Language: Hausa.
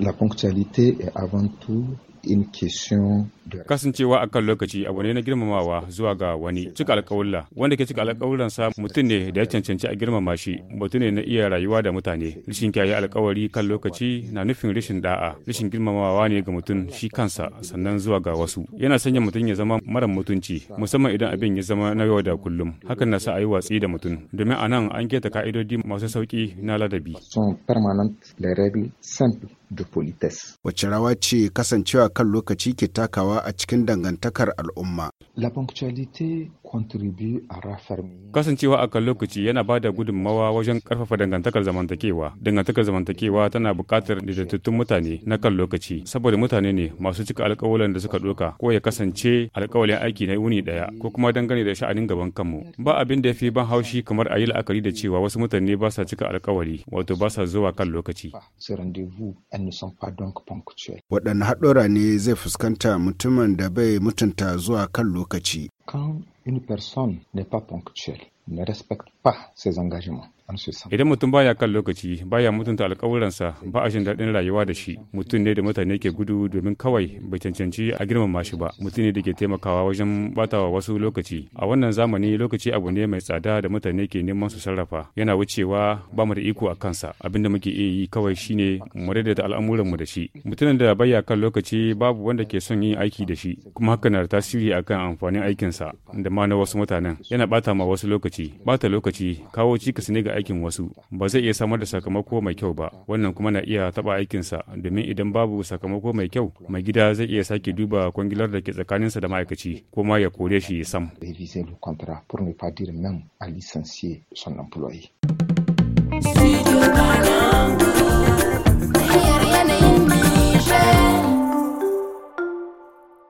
La ponctualité est avant tout une question kasancewa a kan lokaci abu ne na girmamawa zuwa ga wani cika alkawulla wanda ke cika sa mutum ne da ya cancanci a girmama shi mutum ne na iya rayuwa da mutane rishin kyayi alkawari kan lokaci na nufin rishin da'a rishin girmamawa ne ga mutum shi kansa sannan zuwa ga wasu yana sanya mutum ya zama mara mutunci musamman idan abin ya zama na yau da kullum hakan na sa a yi watsi da mutum domin a nan an keta ka'idodi masu sauki na ladabi. de politesse. Wace rawa ce kasancewa kan lokaci ke takawa a cikin dangantakar al'umma? La ponctualité Kasancewa a kan lokaci yana ba da gudunmawa wajen karfafa dangantakar zamantakewa. Dangantakar zamantakewa tana buƙatar daidaitattun mutane na kan lokaci, saboda mutane ne masu cika alƙawalan da suka ɗauka ko ya kasance alkawalin aiki na wuni ɗaya ko kuma dangane da sha'anin gaban kanmu. Ba abin da ya fi ban haushi kamar a yi la'akari da cewa wasu mutane ba sa cika alkawari wato ba sa zuwa kan lokaci. Waɗanne haɗura ne zai fuskanta mutumin da bai mutunta zuwa kan lokaci? une personne n'est pas ponctuelle. ne respect pas ses engagements. Idan mutum baya kan lokaci baya mutunta alkawuransa ba a jin daɗin rayuwa da shi mutum ne da mutane ke gudu domin kawai bai cancanci a girmama shi ba mutum ne da ke taimakawa wajen batawa wasu lokaci a wannan zamani lokaci abu ne mai tsada da mutane ke neman su sarrafa yana wucewa ba mu da iko a kansa abinda muke iya yi kawai shine mu daidaita al'amuranmu da shi mutumin da baya kan lokaci babu wanda ke son yin aiki da shi kuma hakan na da tasiri akan amfanin aikinsa da ma na wasu mutanen yana bata ma wasu lokaci bata lokaci kawo cikas ne ga aikin wasu ba zai iya samar da sakamako mai kyau ba wannan kuma na iya taba aikinsa domin idan babu sakamako mai kyau mai gida zai iya sake duba kwangilar da ke tsakanin sa da ma'aikaci ko ma ya kore shi sam Studio